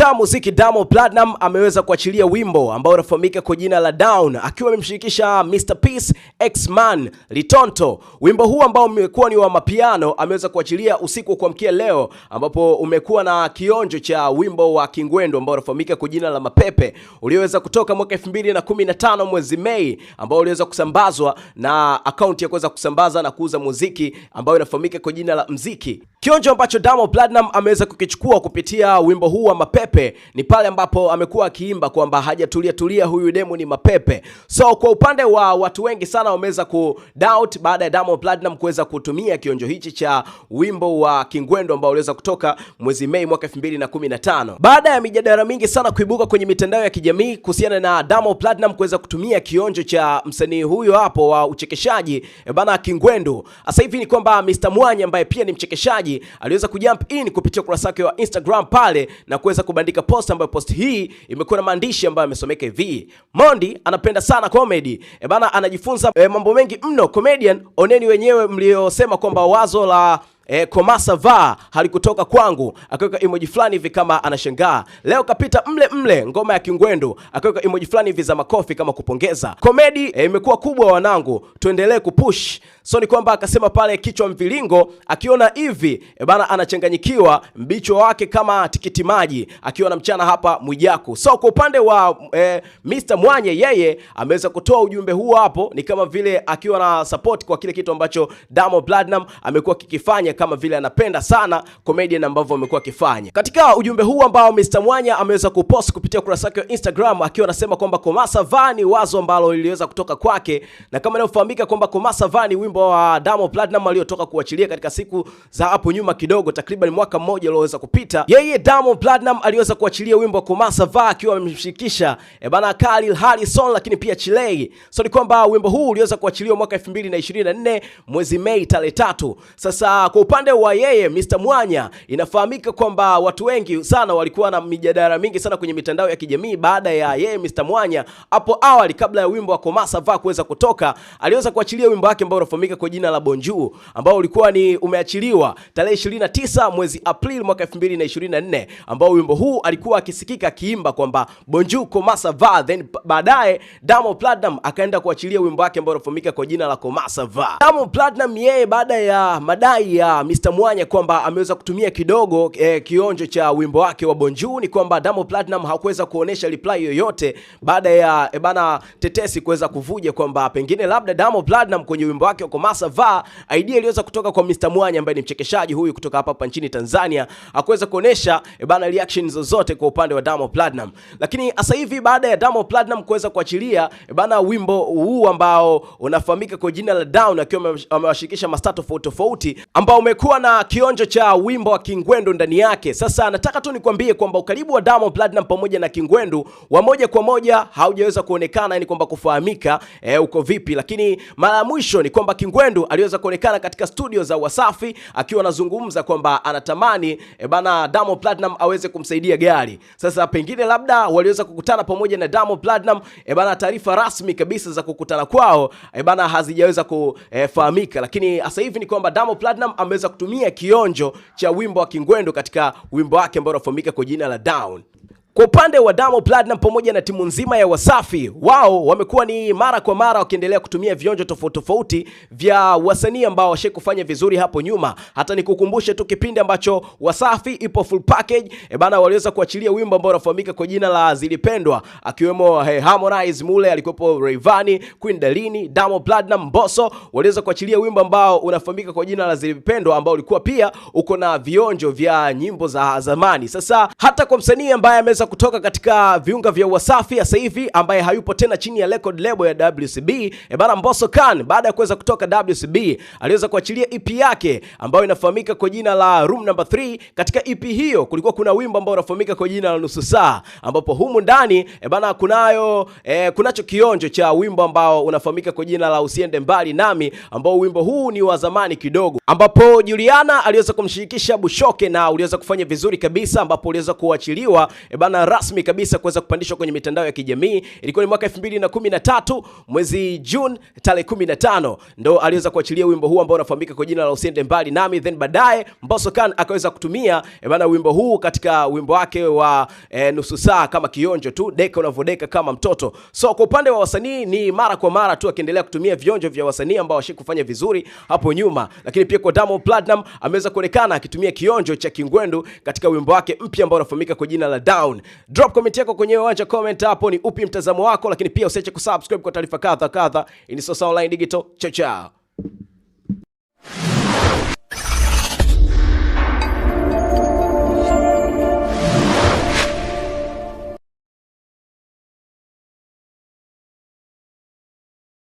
Star muziki Diamond Platinum ameweza kuachilia wimbo ambao unafahamika kwa jina la Down akiwa amemshirikisha Mr Peace, Man Litonto. Wimbo huu ambao umekuwa ni wa mapiano ameweza kuachilia usiku wa kuamkia leo, ambapo umekuwa na kionjo cha wimbo wa kingwendo ambao unafahamika kwa jina la Mapepe ulioweza kutoka mwaka 2015 mwezi Mei, ambao uliweza kusambazwa na akaunti ya kuweza kusambaza na kuuza muziki ambayo inafahamika kwa jina la Mziki. Kionjo ambacho Diamond Platinum ameweza kukichukua kupitia wimbo huu wa Mapepe mapepe ni pale ambapo amekuwa akiimba kwamba hajatulia tulia huyu ni mapepe. So kwa upande wa watu wengi sana wameweza ku doubt baada ya Diamond Platinum kuweza kutumia kionjo hichi cha wimbo wa Kingwendo ambao uliweza kutoka mwezi Mei mwaka 2015 baada ya mijadala mingi sana kuibuka kwenye mitandao ya kijamii kuhusiana na Diamond Platinum kuweza kutumia kionjo cha msanii huyo hapo wa uchekeshaji eh, bana Kingwendo. Sasa hivi ni kwamba Mr Mwanya ambaye pia ni mchekeshaji aliweza kujump in kupitia ukurasa wake wa Instagram pale na kuweza amebandika post ambayo post hii imekuwa na maandishi ambayo yamesomeka hivi: Mondi anapenda sana comedy. E bana, anajifunza e, mambo mengi mno comedian. Oneni wenyewe mliosema kwamba wazo la e, eh, komasa va halikutoka kwangu, akaweka emoji fulani hivi kama anashangaa. Leo kapita mle mle ngoma ya Kingwendu, akaweka emoji fulani hivi za makofi kama kupongeza. Komedi eh, imekuwa e, kubwa wanangu, tuendelee kupush. So ni kwamba akasema pale kichwa mvilingo akiona hivi e, bana anachanganyikiwa mbicho wake kama tikiti maji, akiwa na mchana hapa Mwijaku. So kwa upande wa e, Mr Mwanye yeye ameweza kutoa ujumbe huu hapo, ni kama vile akiwa na support kwa kile kitu ambacho Diamond Platnumz amekuwa kikifanya kama vile anapenda sana comedian ambavyo amekuwa akifanya. Katika ujumbe huu ambao Mr Mwanya ameweza kupost kupitia ukurasa wake wa Instagram akiwa anasema kwamba Komasa Vani wazo ambalo liliweza kutoka kwake, na kama inavyofahamika kwamba Komasa Vani wimbo wa Damo Platinum aliotoka kuachilia katika siku za hapo nyuma kidogo, takriban mwaka mmoja ulioweza kupita, yeye Damo Platinum aliweza kuachilia wimbo wa Komasa Va akiwa amemshirikisha e bana Khalil Harrison, lakini pia Chilei. So ni kwamba wimbo huu uliweza kuachiliwa mwaka 2024 mwezi Mei tarehe tatu. Sasa kwa upande wa yeye Mr. Mwanya, inafahamika kwamba watu wengi sana walikuwa na mijadala mingi sana kwenye mitandao ya kijamii baada ya yeye Mr. Mwanya hapo awali, kabla ya wimbo wa Komasa va kuweza kutoka, aliweza kuachilia wimbo wake ambao unafahamika kwa jina la Bonju ambao ulikuwa ni umeachiliwa tarehe 29 mwezi Aprili mwaka 2024, ambao wimbo huu alikuwa akisikika akiimba kwamba Bonju Komasa va, then baadaye Diamond Platinum akaenda kuachilia wimbo wake ambao unafahamika kwa jina la Komasa va. Diamond Platinum yeye baada ya madai ya Mr Mwanya kwamba ameweza kutumia kidogo eh, kionjo cha wimbo wake wa Bonju ni kwamba Diamond Platinum hakuweza kuonesha reply yoyote baada ya eh, bana tetesi kuweza kuvuja kwamba pengine labda Diamond Platinum kwenye wimbo wake wa Komasa va idea iliweza kutoka kwa Mr Mwanya ambaye ni mchekeshaji huyu kutoka hapa hapa nchini Tanzania, hakuweza kuonesha eh, bana reaction zozote kwa upande wa Diamond Platinum. Lakini sasa hivi baada ya Diamond Platinum kuweza kuachilia eh, bana wimbo huu ambao unafahamika kwa jina la Down akiwa amewashirikisha mastaa tofauti tofauti ambao umekuwa na kionjo cha wimbo wa Kingwendu ndani yake. Sasa nataka tu nikwambie kwamba ukaribu wa Diamond Platnumz pamoja na Kingwendu wa moja kwa moja haujaweza kuonekana, yani kwamba kufahamika e, uko vipi, lakini mara ya mwisho ni kwamba Kingwendu aliweza kuonekana katika studio za Wasafi akiwa anazungumza kwamba anatamani e, bana Diamond Platnumz aweze kumsaidia gari. Sasa pengine labda waliweza kukutana pamoja na Diamond Platnumz e, eh, bana taarifa rasmi kabisa za kukutana kwao e, bana hazijaweza kufahamika, lakini sasa hivi ni kwamba Diamond Platnumz ameweza kutumia kionjo cha wimbo wa Kingwendu katika wimbo wake ambao unafahamika kwa jina la Down. Kwa upande wa Diamond Platnumz pamoja na timu nzima ya Wasafi, wao wamekuwa ni mara kwa mara wakiendelea kutumia vionjo tofauti tofauti vya wasanii ambao washe kufanya vizuri hapo nyuma. Hata nikukumbushe tu kipindi ambacho Wasafi ipo full package, e bana, waliweza kuachilia wimbo ambao unafahamika kwa jina la Zilipendwa, akiwemo hey, eh, Harmonize mule alikuwepo, Rayvanny, Queen Dalini, Diamond Platnumz, Mbosso waliweza kuachilia wimbo ambao unafahamika kwa jina la Zilipendwa ambao ulikuwa pia uko na vionjo vya nyimbo za zamani. Sasa hata kwa msanii ambaye producer kutoka katika viunga vya Wasafi sasa hivi ambaye hayupo tena chini ya record label ya WCB. E eh, bana, Mbosso Khan baada ya kuweza kutoka WCB aliweza kuachilia EP yake ambayo inafahamika kwa jina la Room Number 3. Katika EP hiyo kulikuwa kuna wimbo ambao unafahamika kwa jina la Nusu Saa, ambapo humu ndani e bana, kunayo e, kunacho kionjo cha wimbo ambao unafahamika kwa jina la Usiende Mbali Nami, ambao wimbo huu ni wa zamani kidogo, ambapo Juliana aliweza kumshirikisha Bushoke na uliweza kufanya vizuri kabisa, ambapo uliweza kuachiliwa e bana sana rasmi kabisa kuweza kupandishwa kwenye mitandao ya kijamii. Ilikuwa ni mwaka 2013 mwezi June tarehe 15 ndo aliweza kuachilia wimbo huu ambao unafahamika kwa jina la Usiende Mbali Nami, then baadaye Mbosso Khan akaweza kutumia bana eh, wimbo huu katika wimbo wake wa e, nusu saa kama kionjo tu, deka unavodeka kama mtoto. So kwa upande wa wasanii ni mara kwa mara tu akiendelea kutumia vionjo vya wasanii ambao washi kufanya vizuri hapo nyuma, lakini pia kwa Diamond Platnumz ameweza kuonekana akitumia kionjo cha Kingwendu katika wimbo wake mpya ambao unafahamika kwa jina la Down. Drop comment yako kwenye uwanja comment hapo, ni upi mtazamo wako, lakini pia usiache kusubscribe kwa taarifa kadha kadha. Ni Sosa Online Digital chao chao.